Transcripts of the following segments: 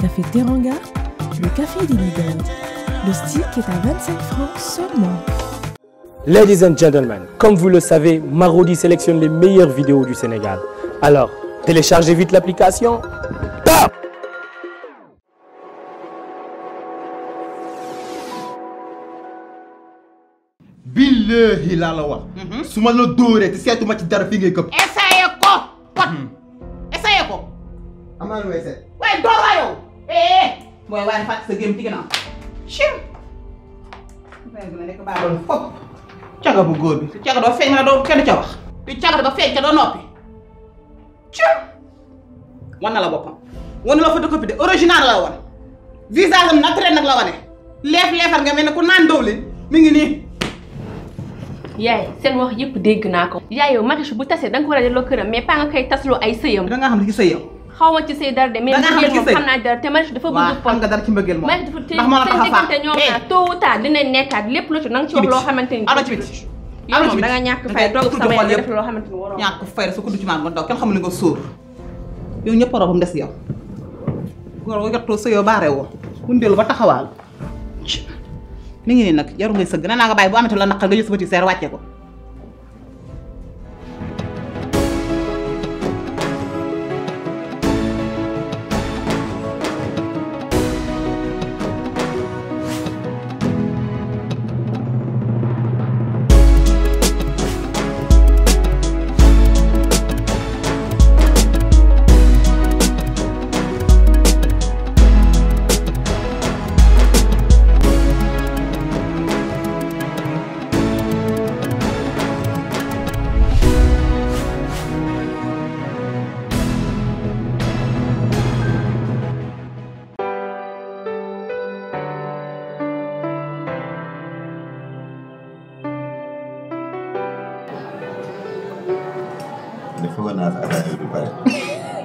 Café Teranga, le café des leaders. Le stick est à 25 francs seulement. Ladies and gentlemen, comme vous le savez, Marodi sélectionne les meilleures vidéos du Sénégal. Alors, téléchargez vite l'application. billahi la mhm. eh mooy waaye fàtt sa gém ci ginnaaw chien feeñ na nekk baa doon fopp caga bu góor bi te caga doo feeñ nga doo kenn ca wax te caga ba feeñ ca doo noppi chien wan na la boppam wan la photocopie de original la wan visage am naturel nag la wane leef leefar nga mel ne ku naan dowlin mi ngi nii yaay seen wax yëpp dégg naa ko yaay yow marichu bu tasee da nga ko war a delloo këram mais pas nga koy tasloo ay sëyam da xam ne ki sëyam xaw ma ci say dara de mais xam naa dara te mariage dafa bëgg xam nga dara ci mbëggeel moom ndax moo la tax a faa ñoom na eh. tôt ou tard dinañ lu ci na moom da ñàkk fay toog sama ci maan nga daw kenn xamul nga sóor yow ñëpp roobam des yow góor nga jottoo sa yow wundeelu ba taxawaal mi ngi nii nag yaru ngay sëgg na naa nga bàyyi bu amati la naqal nga jël sa seer wàcce ko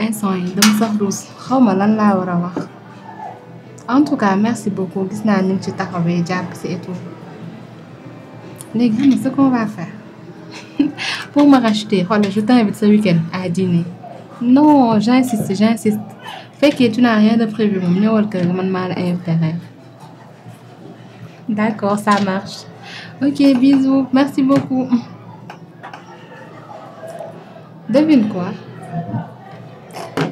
Eh, instant yi dama sax ruus xaw ma lan laa war a en tout cas merci beaucoup gis naa ni nga ci taxawee jàpp si et tout léegi xam ce qu'on va faire pour me racheter je t'invite ce week-end à dîner non j'insiste j'insiste que tu n'as rien de prévu moom ñëwal kër man maa la invité d'accord ça marche ok bisous merci beaucoup devine quoi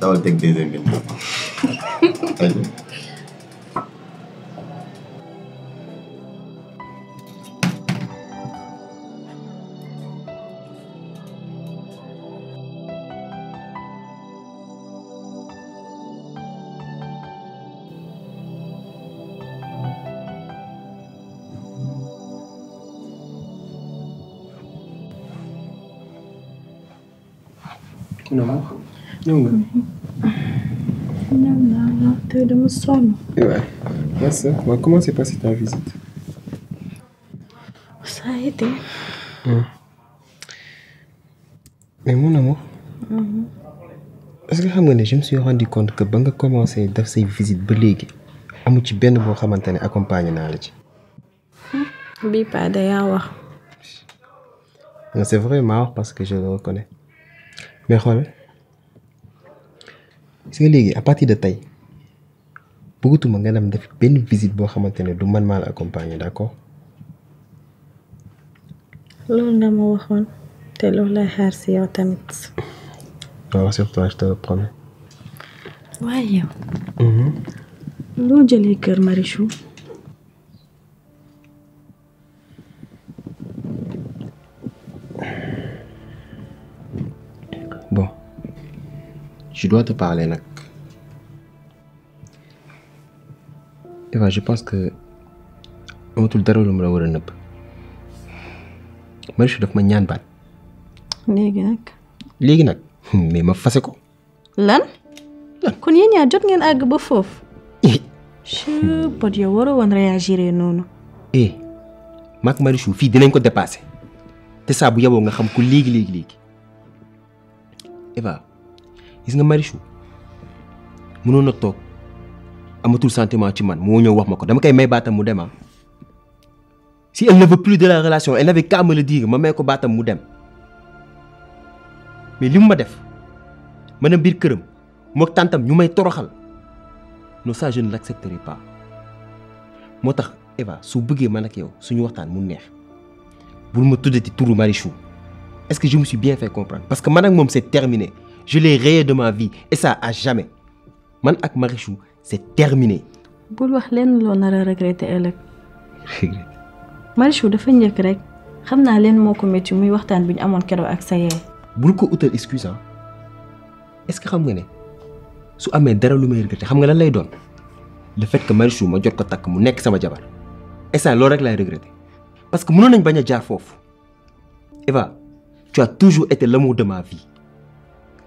don't think this again. okay. No. Non non, tu Yunga. Ouais. Ma soeur, comment s'est passé ta visite Ça a été. Hein. Mais mon amour, mm -hmm. parce que xam nga ne je me suis rendu compte que ba nga commencé def say visite ba léegi amu ci benn boo xamante ne accompagné naa la ci. Hmm? bii paa da yaa wax. c'est vrai maa parce que je le reconnais mais xool gis nga léegi à partir de tey bëggatuma nga dem def benn visite boo xamante ne du man maa la accompagner d'accord. loolu nga ma waxoon te loolu lay xaar si yow tamit. non sur toi je te le promets. waaye yow. loo mhm. jëlee kër Marichou. Je dois te parler, Nak. Eva, je pense que. amatul dara lu mu te dire... je je Marichou ma ñaan baat. léegi léegi mais ma ko. lan. je Pod Je réagir eh. te eh Je Marichou de dinañ Je te Te bu ne nga xam Eva gis nga Marichou mënoon na toog amatul sentiment ci man moo ñëw wax ma ko dama koy may baatam mu dem ah. si elle ne veut plus de la relation elle avait qu'à me le dire ma may ko baatam mu dem mais li mu ma def ma ne biir këram mook tàntam ñu may toroxal non ça je ne l'accepterai pas moo tax Eva su bëggee man ak yow suñu waxtaan mu neex bul ma tuddati turu Marichou est-ce que je me suis bien fait comprendre parce que man ak moom c'est terminé je l'ai rayé de ma vie et ça à jamais man ak Marichou c'est terminé. bul wax len lo nar a regretté Marichou dafa njëkk rek Xamna len moko metti muy waxtaan bi ñu kéro ak sa yaay. ko utal excuse ah est-ce que xam nga né su amé dara lu may regretté xam nga lan lay doon le fait que Marichou ma jot ko tak mu nekk sama jabar instant lo rek lay regretté parce que mënoon nañ bañ jaar foofu Eva tu as toujours été l'amour de ma vie.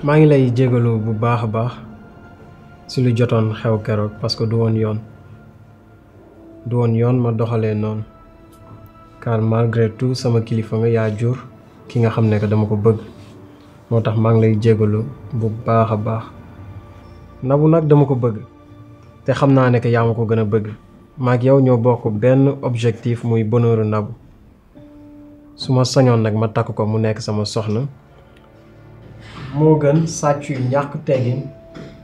maa ngi lay jégalu bu baax a baax si lu jotoon xew keroog parce que du woon yoon du woon yoon ma doxalee noonu car malgré tout sama kilifa nga yaa jur ki nga xam ne que dama ko bëgg moo tax maa ngi lay jégalu bu baax a baax Nabou nag dama ko bëgg te xam naa ne que yaa ma ko gën a bëgg maag yow ñoo bokk benn objectif muy bonheuru Nabou su ma sañoon nag ma takk ko mu nekk sama soxna moo gën sàcc yu ñàkk teggin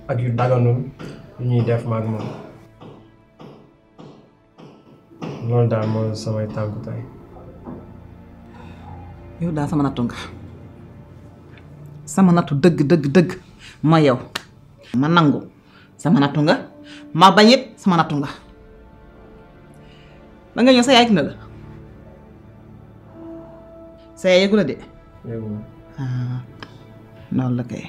ak yu daganul yu ñuy def maag moom loolu daal mooy samay tàggu yow daal sama nattu nga sama nattu dëgg dëgg dëgg ma yow ma nangu sama nattu nga ma bañ sama nattu nga da nga ñëw sa yaay na la sa yaay yëgu de ah. noonu la kay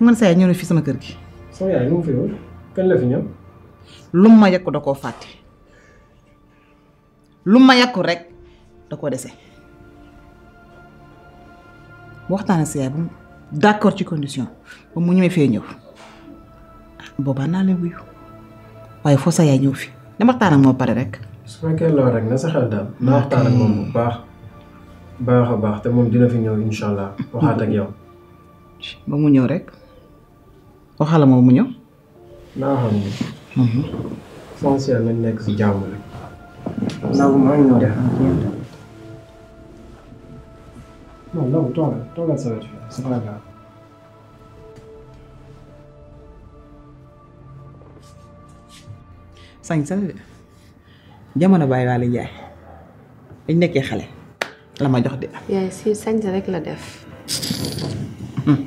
man saa yaay ñëw na sama kër gi. sama yaay ñu ngi fi woon kañ la fi ñëw. lu ma yàqu da koo fàtte lu ma yàqu rek da koo dese bu waxtaanee sa yaay bu d'accord ci condition ba mu ñëwee fee ñëw boobaa naa leen wuyu waaye foo sa yaay ñëw fi dama waxtaan ak moom pare rek. su fekkee loolu sa xel daal. naa baax. baax a baax te moom dina fi ñëw incha allah waxaat ak yow. ba mu ñëw rek waxala moom mu ñëw. naa xam ne. Mhm. essentiel nañ nekk si jàmm jamono bàyyi waale njaay dañ nekkee xale. la ma jox di am. yaay si sañse rek la def. Hmm.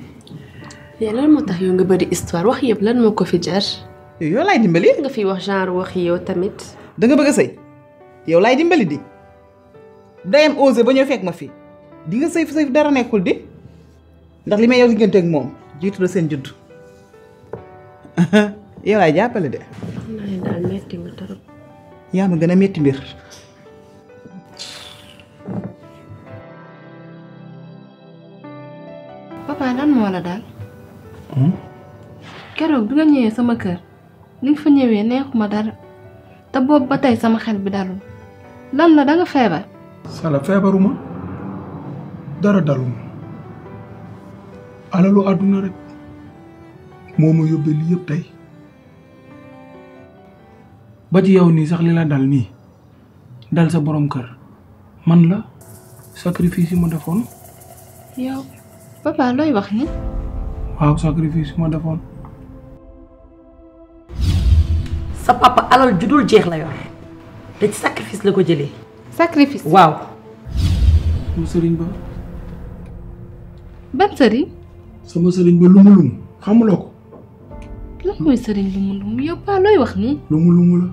yaay lan moo tax yow nga bëri histoire wax yëpp lan moo ko fi jar. yow laay dimbali. nga fi wax genre wax yow tamit. da bëgg a yow laay dimbali di dayam osé ba ñëw fekk ma fi di nga sëy fi sëy dara nekkul di ndax li may yow diggante ak moom jiitu la seen judd yow laay jàppale de. yaa ma gën a metti mbir. lan moo dal hmm kéro bi nga ñëwé sama kër li nga fa ñëwee neexuma dara ta bob ba tay sama xel bi dalul lan la da nga feebar sala feebaruma dara daluma alalu aduna rek Momo yobé li yépp tay ba ci yow ni sax li dal ni dal sa borom kër man la sacrifice yi yow apa άλλο η βαχνή. Άκουσα ακριβή σημαντικά φόρμα. sa papa alal ju dul jeex la yor te ci sacrifice la ko ba. ban sëriñ. sama sering ba lumu Kamu xamuloo ko. sering mooy sëriñ lumu lumu yow paa looy wax nii. lumu lumu la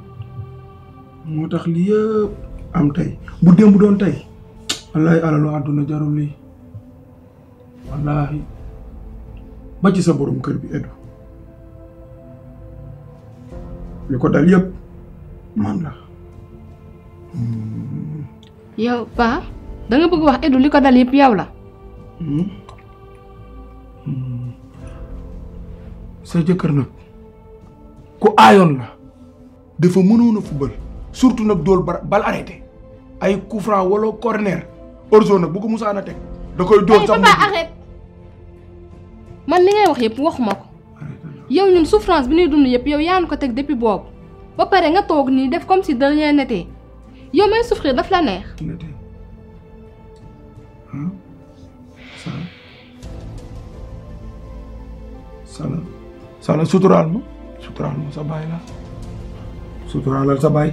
moo tax lii yëpp am tey bu démb doon wallaahi ba ci sa borom kër bi Edu li ko dal yëpp man la. yow Pa da bëgg wax Edu li ko dal yëpp yow la. Hmm? Hmm. sa jëkkër nag ku aayoon la dafa mënoon a fubal surtout nag dool bal arrêté ay coup franc wala corner nag bu ko musaan teg da koy dóor sax papa man li ngay wax yëpp waxuma ko yow ñun souffrance bi ñuy dund yëpp yow yaa ko teg depuis boobu ba pare nga toog nii def comme si de rien n'était yow may souffrir daf la neex. sala sala suturaal ma suturaal ma sa baay la suturaalal sa baay.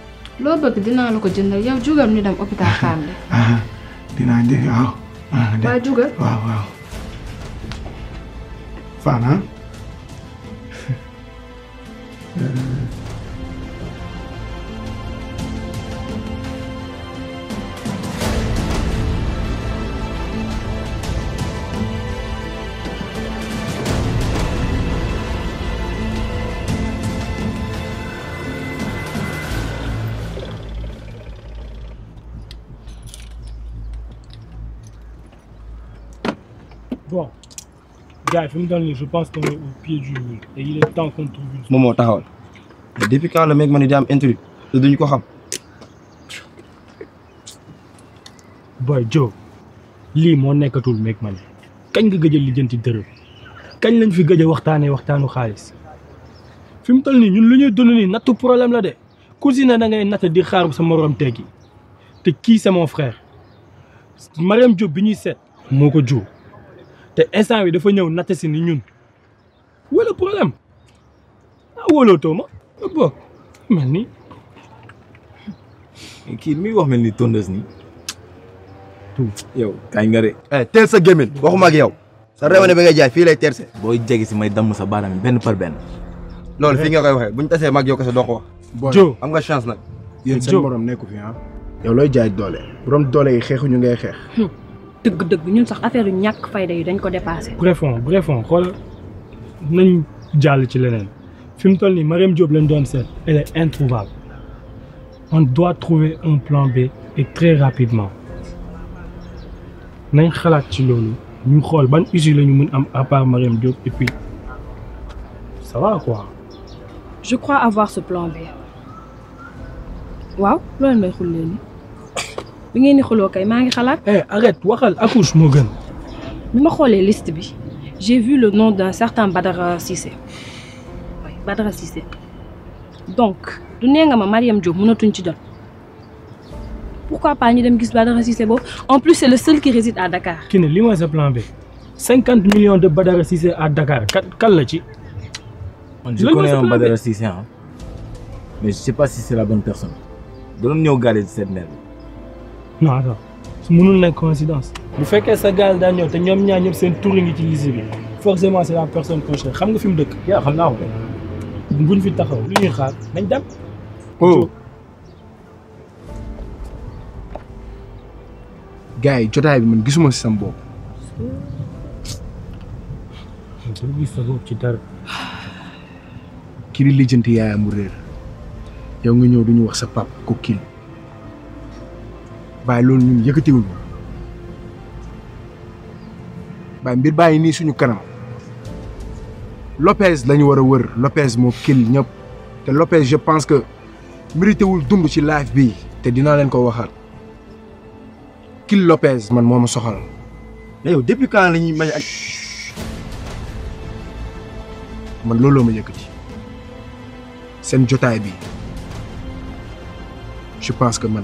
lo bëgg dinaa la ko jëndal yow jugal ñu dem hôpital Fandé. dinaa jë waaw. waa jugal waaw waaw. Fana. Eh, gars je pense qu'on est au pied du mur et il est temps qu'on trouve une. depuis quand le mec ma intrus ko xam. boy Joe lii mec ma ne nga gëj a lijjanti un lañ fi gëj a waxtanu a xaalis tal ni ñun lu donné ni problème la de ngay di xaar c'est mon frère Mariam Diop bi ñuy te instant bi dafa ñëw natt si ni ñun wala problème ah wóolootoo ma ma ah, bokk ni. kii mi wax mel ni tondeuse nii. yow kañ nga de. Eh, teel sa gémmiñ waxuma ak yow. sa réew ba ga jaay fii lay terse. booy jege si may damm sa baaraam benn par benn. loolu fii nga koy waxee bu ñu tasee mag yow kese doo ko wax. jo am nga chance nag. yéen seen morom ah. yow looy jaay doole borom doole yi xeexuñu ngay xeex. deug deug ñun sax affaire yu ñàkk fayda yu dañ ko dépasser bref on bref on xol nañ jall ci leneen fim toll ni Mariam Diop lañ doon seet elle est introuvable on doit trouver un plan B et très rapidement nañ xalaat ci loolu ñu xol ban usine lañu ñu mën am à part Mariam Diop et puis ça va quoi. je crois avoir ce plan B waaw loolu may xul ni bi ngeen di xuloo eh, arrête waxal accouche moo gën. bi liste bi j'ai vu le nom d'un certain Badara Cissé Badara Sissé. donc du ne nga ma Mariam Diop mënatuñ ci jot pourquoi pas ñu dem gis Badara Sissé. en plus c'est le seul qui réside à Dakar. Kiné est mooy plan B millions de Badara Sissé à Dakar kat kan la ci. je connais un Badara Sissé. Hein? mais je ne sais pas si c'est la bonne personne pas ñëw galé ci cette merde non attends c'est une coïncidence bu coïncidence. sa fait daan ñëw te ñoom et ñëpp touring forcément c'est la personne qu'on cherche xam nga fi mu xam ko buñ fi taxaw xaar nañ dem oh. gars yi bi man gisuma si sam bopp ci dara kii di lijjanti yaayam bàyyi loolu ñun yëkkatiwuñu bàyyi mbir bàyyi nii suñu kanam Lopez dañu war a wër Lopez moo kil ñëpp te Lopez je pense que mérité wul dund ci live bi te dinaa leen ko waxaat kil Lopez man moo ma soxal. mais yow depuis quand may ak. man looloo ma yëkkati seen jotaay bi je pense que man.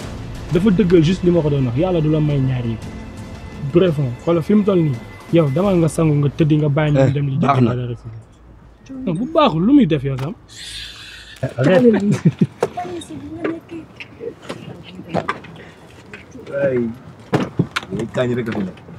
dafa dëggal juste li ma ko doon wax yàlla du la may ñaar yi bref xoolal fi mu toll nii yow damal nga sangu nga tëddi nga bàyyi ñu eh, dem li baax na bu baaxul lu muy def yow sam eh,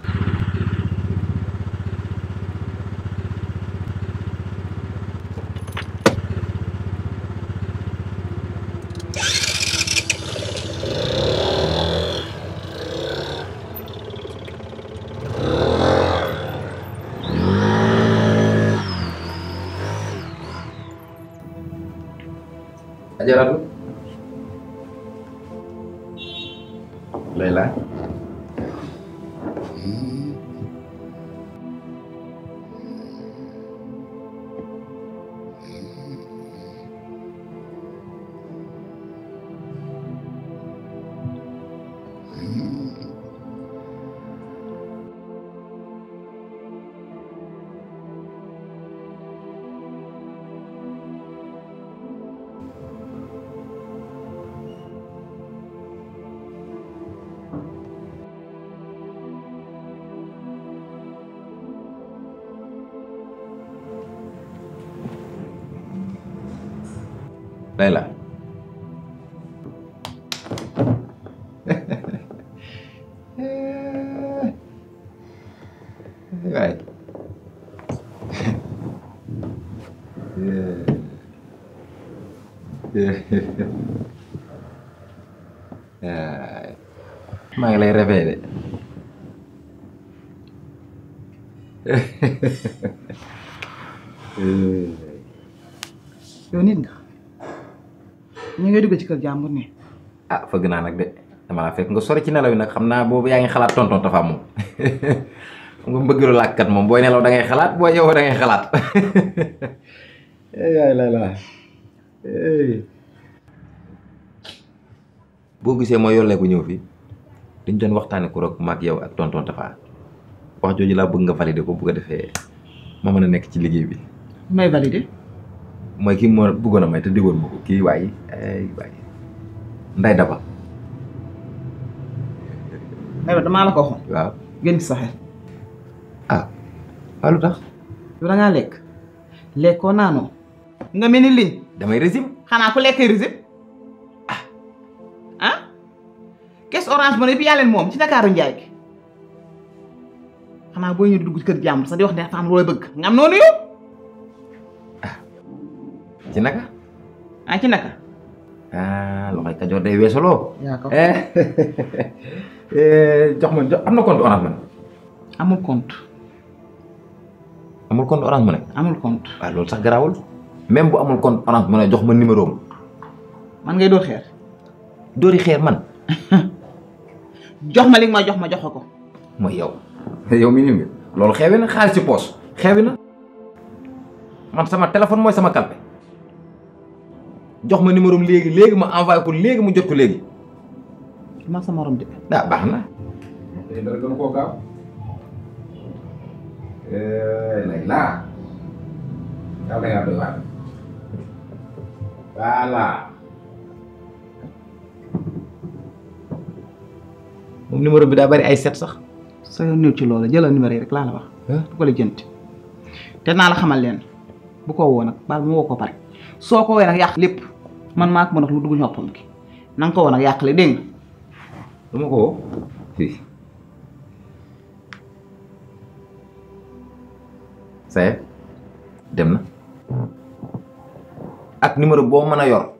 ajaratu Layla Nah, maa ngi lay réveillé de nit nga ñu ngay dugg ci kër jàmbur ne ah fëgg naa nag de dama la fekk nga sori ci nelaw yi nag xam naa boobu yaa ngi xalaat tonton Tafa moom nga mbëggalu làkkat moom booy nelaw da ngay xalaat booy yow da ngay xalaat. yaay lay laa boo gisee mooy yollee ko ñëw fi dañ doon waxtaane ko rek maag yow ak tonton Tafa wax jooju laa bëgg nga valider ko bu ko defee ma mën a nekk ci liggéey bi. may valider. mooy kii moo bëggoon a may te déggoon ma ko kii waaye nday daba. damaa la ko waxoon. waaw gën ci ah waaw tax. yow da ngaa lekk lekkoo naanoo. nga mel ni liñ. damay régime. xanaa ku lekkee régime. kees orange man yëpp yaa moom ci Ndakaaru Njaay gi xanaa booy ñëw dugg ci kër jàmbur sax di wax ne dafa am looy bëgg nga am noonu yow. ci naka. am na compte orange man. amul compte. amul compte orange man amul compte. waaw ah, loolu bu amul compte orange man ma numéro am. man ngay dóor xeer. dóori xeer man. jox ma li nga ma jox ma jox ko. mooy yow yow mi ni loolu xewi na xaalis ci poos xewi na man sama téléphone moy sama calpe jox ma numéro légui légui ma envoyé ko légui mu jot ko légui ma sama morom de. da ah, baax na. tey dara gën koo gaaw. Eh, Layla. yàlla yaa do waar. wala moom bi daa bari ay set sax. sa néew ci loolu jëlal yi rek laa la te naa la xamal leen bu ko woo ma woo ko soo ko woo yàq lépp man maa ko a lu dugg ñoppam gi na ko woo nag yàqale dégg nga. du ko dem na ak numéro boo mën a yor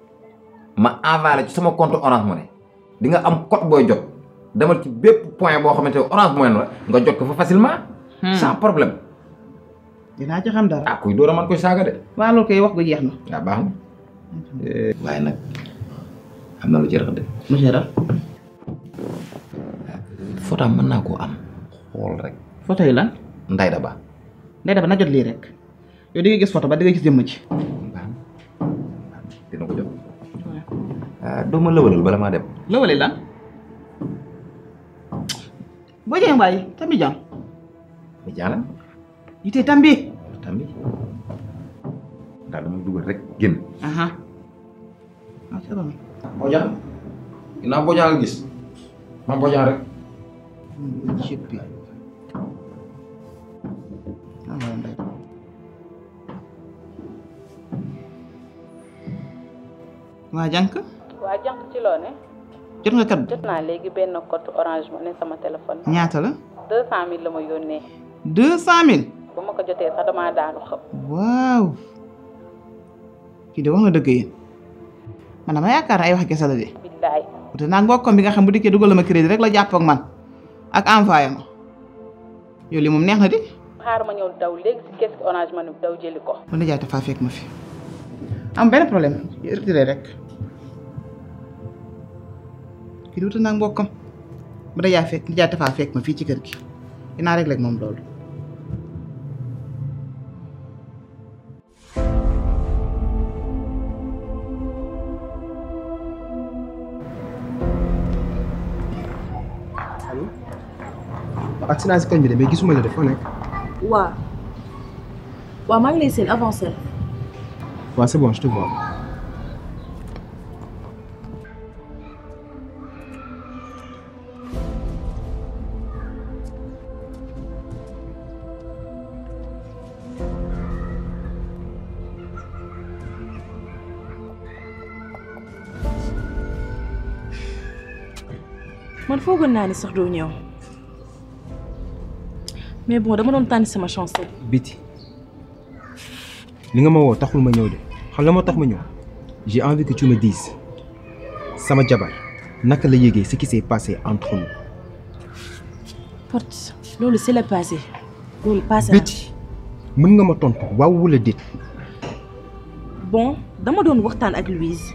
ma envoyé ci sama compte orange money di nga am code booy jot. demal ci bép point bo xamante orange moyen la nga jot ko fa facilement. Hmm. sans problème. dina ci xam dara. akuy ah, kuy door a koy saga de. waaw loolu koy wax go jeex na. waaw ah, baax na. Eh, waaye nag am lu jeex rax de. monsieur dal fota man na ko am. xool rek. fota yi lan. nday da ba. nday da ba na jot li rek. yo di nga gis fota ba di nga gis jëmm ci. dina ko jot. ah do ma lëwalal bala ma dem. lëwalal lan. Boy Dieng mbaay Tambi Dieng. Boy Dieng la. yite Tambi. Tambi daal dama dugal rek génn. ah c'est bon. Boy Dieng ginnaaw gis man Boy rek. Hmm, ah, waa jot nga kat. jot naa léegi benn code orange ne sama téléphone. ñaata la. 200000 la ma yónnee. 200000. ba ma ko jotee sax damaa daanu xam. waaw. kii de wax nga dëgg yéen. man dama yaakaar ne ay wax kese la de. billaay. te naa ngoog bi nga xam bu dikkee dugal ma crédit rek la jàpp man ak envoyé ma yow li moom neex na de. xaar ma ñëw daw léegi si kees gi orange ma daw jëli ko. mën na jaay dafaa fekk ma fi am benn problème retiré rek. kii di wutal nag mbokkam dajaa fekk nijaay dafaa fekk ma fii ci kër gi dinaa réglé ak moom loolu. allo. si naa si bi de mais gisuma la de foo nekk. waaw. maa ngi lay seen avancé la. waaw bon man foogoon n'a ni sax doo ñëw mais bon dama don tànn sama chance rek. Betty li nga ma wo taxul ma ñew de xam la tax ma ñew j'ai envie que tu me dises sama jabar naka la yëgee ce qui s'est passé entre nous. Porte lolu c'est le passé loolu passé Betty mën nga ma tontu waaw wala dit bon dama don, waxtaan ak Louise.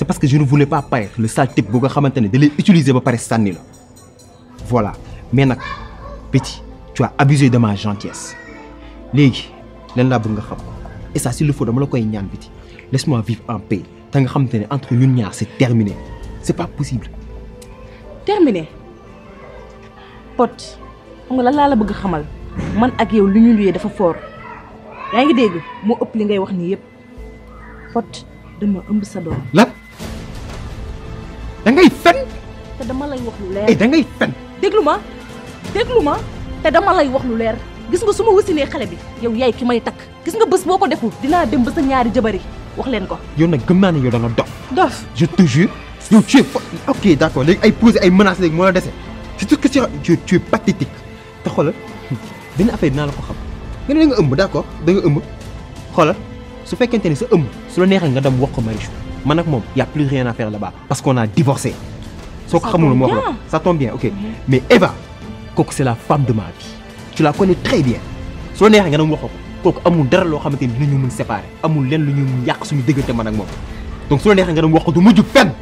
c'est parce que je ne voulais pas paraître le sale type bu nga xamante ne da lay utiliser ba voilà mais nag petit tu as abusé de ma gentillesse léegi lan laa bëgg nga xam et ça s'il le faut dama la koy ñaan petit laisse-moi vivre en paix te nga xamante entre ñun ñaar c'est terminé c'est pas possible. terminé Pote, xam nga lan laa la bëgg xamal man ak yow lu ñu luyee dafa fort Y'a ngi dégg moo ëpp li ngay wax nii yëpp Pod dama ëmb sa doom. lan. da ngay fen. te dama lay wax lu leer eh da ngay fen. déglu ma déglu ma te dama lay wax lu leer gis nga su ma wasilee xale bi yow yaay ki may takk gis nga bés boo ko deful dinaa dem ba sa ñaari jabari wax leen ko. yow nag gëm naa ne yow da nga dof. dof je te jure yow d' accord léegi ay ay menaces léegi moo la dese surtout tu tu es pathétique te xoolal hmm. benn affaire dinaa la ko xam nga ne da nga ëmb d' accord da nga ëmb xoolal su fekkente ni sa ëmb su la neexee nga dem wax ko Marichou. man ak il y' a plus rien à faire là-bas parce qu'on a divorcé. soo ko xamul ma wax ça tombe bien ok mmh. mais Eva kooku c' la femme de ma vie. tu la connais très bien su la neexee nga dem wax ko kooku amul dara loo xamante ni dinañu mun séparer amul lenn lu ñu yàq suñu diggante man ak moom donc su la neexee nga dem wax ko du mujj fenn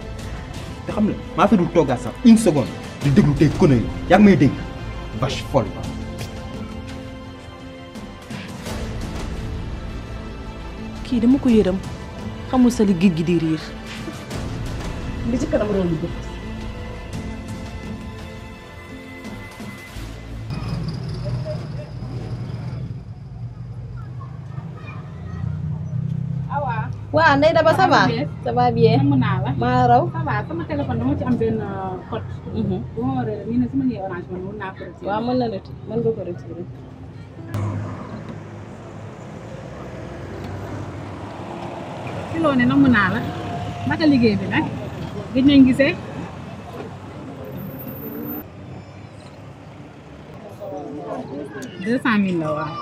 te xam nga maa fi du toga sax une seconde di déglu tey conneries yi yaa ngi may dégg vache folle kii dama ko yërëm. xamul sa li géej gi di riir. li ci kanam réew mi bien maa raw. ça va sama euh, mhm. ma waree nii nag su ma ñëwee orange man mën naa ci loo ne namm naa liggéey bi nag gëj nañ gisee. deux cent mille la waaw.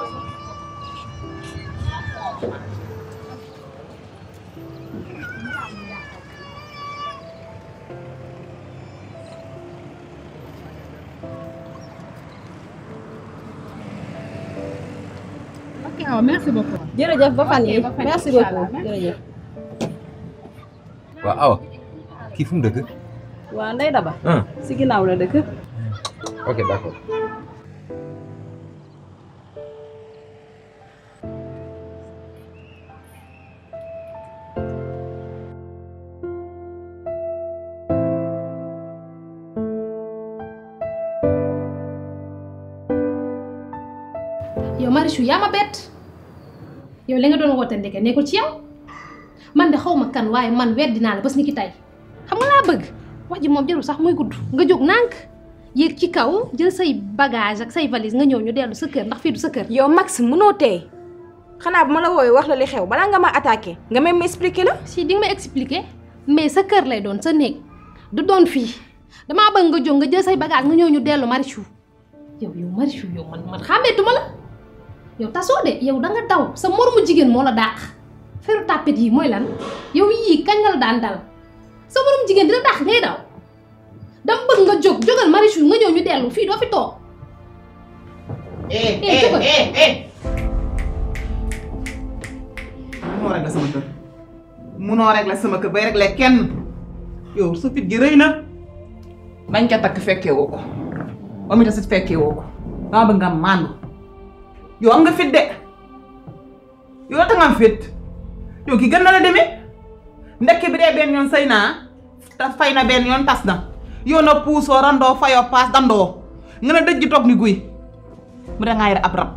ok waaw merci ba fan yi merci beaucoup jërëjëf. waaw awa kii fu mu dëkk waaw Ndeye Daba si ginnaaw la dëkk ok d'accord yow Marichou yaa ma bett yow li nga doon woote ndeke nekkul ci yow man de xawma kan waye man weddi la bas ni ki tey xam nga la bëgg waji mom jëru sax muy gudd nga jog nank yéeg ci kaw jël say bagage ak say valise nga ñëw ñu dellu sa kër ndax fi du sa kër yow max mëno tey xana bu la wax la li xew bala nga ma attaquer nga même m'expliquer la si ding ma expliquer mais sa kër lay doon sa nek du doon fi dama bëgg nga jog nga jël say bagage nga ñëw ñu dellu marichu yow yow marichu yow man man xàmmeetuma la yow tasoo de yow da nga daw sa mormu jigen mo la dàq feru tapet yi moy lan yow yi kañ la daan dal so borom jigen dina tax ngay daw dam bëgg nga jog jogal marichu nga ñew ñu delu fi do fi to eh eh eh eh, eh. munoo rek la sama kër munoo rek la sama kër bay rek la kenn yow sa fit gi reyna na. bañ ca tak fekke woko ko ta sit fekke woko ba bëgg nga man yow nga fit de yow ta nga fit yow ki gën na la demee ndekki bi dé ben yon sayna ta fayna ben yon tasna tas na yow na puusoo randoo fayoo paas dandoo nga na dëj tok ni guy mu da ngaa ab rab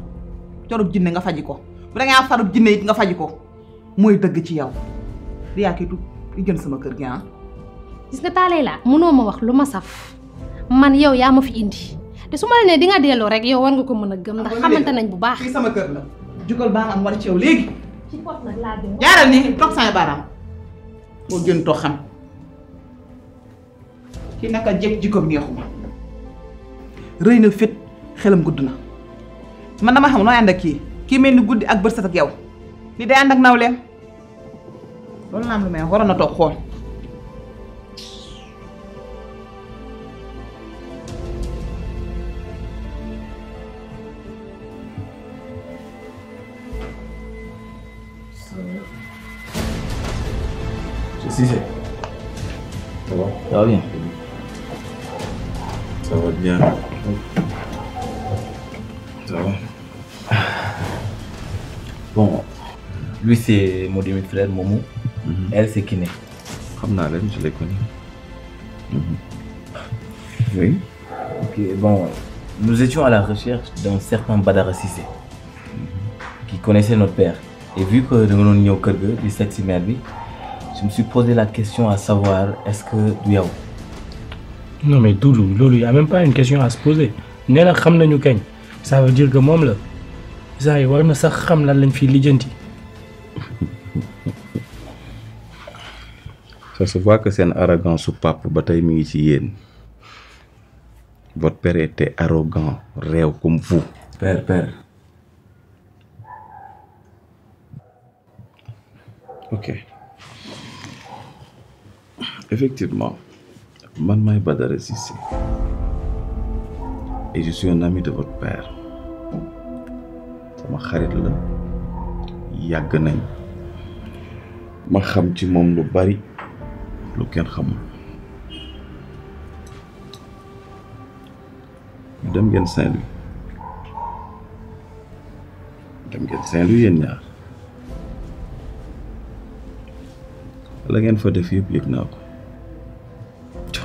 jinné nga faji ko da nga jinné nga faji ko dëgg ci yow di yaa tu di gën sama kër gi ah. gis nga taalee laa mënoo ma wax lu ma saf man yow ya ma fi indi té suma la di nga délo rek yow war nga ko mëna gëm ndax ah, xamante nañ bu baax. ci sama kër la. jukol baa am war ci yow légui ci pot nag laa jëm. ni toog sama baaraam moo gën toog xam ki naka jekk jikkoom neexuma rëy na fit xelam gudd na man dama xam nooy ànd ak kii kii mel ni guddi ak bërsët ak yow ni day ànd ak nawleem loolu naa am lu may waroon na toog xool. Ça va bien. Ça va bien. Ça va. Bon, lui c'est mon demi-frère Momo. Mhm. Elle c'est Kiné. Comme Nalen, je l'ai connais. Mhm. Oui. Ok. bon, nous étions à la recherche d'un serpent Badara mhm. qui connaissait notre père. Et vu que nous avons pas du de 7 je me suis posé la question à savoir est-ce que non mais Doulou, Il n'y a même pas une question à se poser Nela ça veut dire que moi la ça y war na sax xam lan lañ fi lijjanti. ça se voit que c'est arrogance arrogant sous pour batailler mi ngi votre père était arrogant Réel comme vous. père père. ok. Effectivement, man may de ici. Et je suis un ami de votre père. sama de la père. Je ma xam ci mom lu bari lu kenn xam. dem ngeen Saint-Louis dem suis Saint-Louis la fa def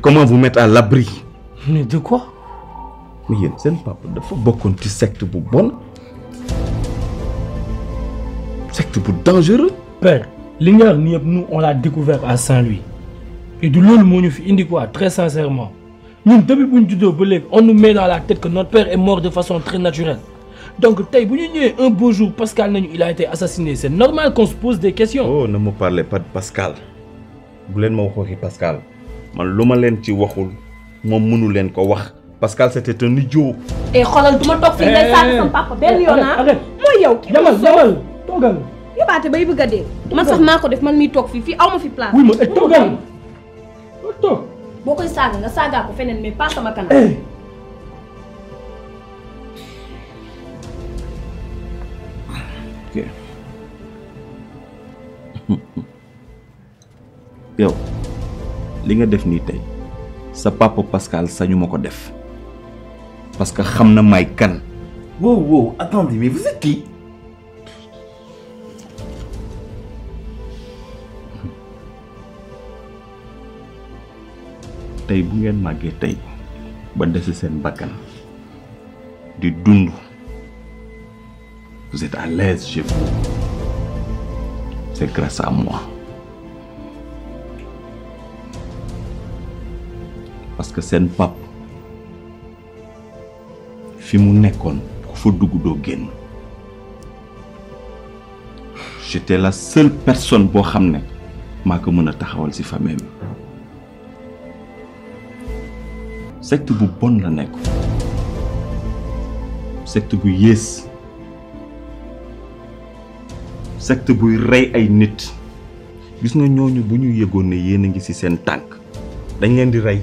comment vous mettre à l'abri. mais de quoi. mais pas pas. papa faut beaucoup de secte pour bon secte pour dangereux. père l'ignorance nous on l'a découvert à Saint-Louis et de loolu le fi quoi très sincèrement nous depuis qu'on nous sommes on nous met dans la tête que notre père est mort de façon très naturelle. Donc, un beau jour, Pascal il a été assassiné. C'est normal qu'on se pose des questions. Oh, ne me parlez pas de Pascal. Vous voulez me Pascal man luma len ci waxul mom mënu len ko wax Pascal c'était un idiot et eh, xolal duma tok fi ngay eh, sax eh, sam papa ben yona ah. moy yow yamal yamal togal yobaté bay bëgg dé man sax mako def man mi tok fi fi awma fi place oui et togal tok bokoy saga nga saga ko fenen mais pas sama kanam Yo li nga def ni tay sa papa Pascal sañu mako def parce que xamna may kan. wow wow attendez mais vous êtes qui. tay bu ngeen magge tay ba dess sen bakkan di dund vous êtes à l'aise chez vous c'est grâce à moi. parce que sen pap fi mu nekkone ku j'étais la seule personne bo xamné ma ko meuna a taxawal ci famem secte bu bonne la nekk secte bu yes secte bu rey ay nit gis nga ñooñu bu ñu yëgoon ne yéen ngi ci sen tank dañ leen di rey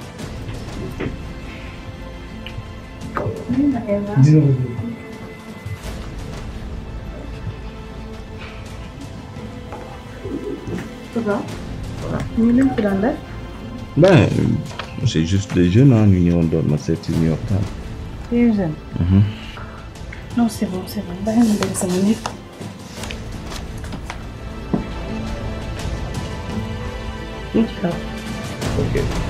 Ben, c'est juste des jeunes en union d'hommes, c'est une York. Des jeunes mm-hmm. Non, c'est bon, c'est bon. Ben, ok.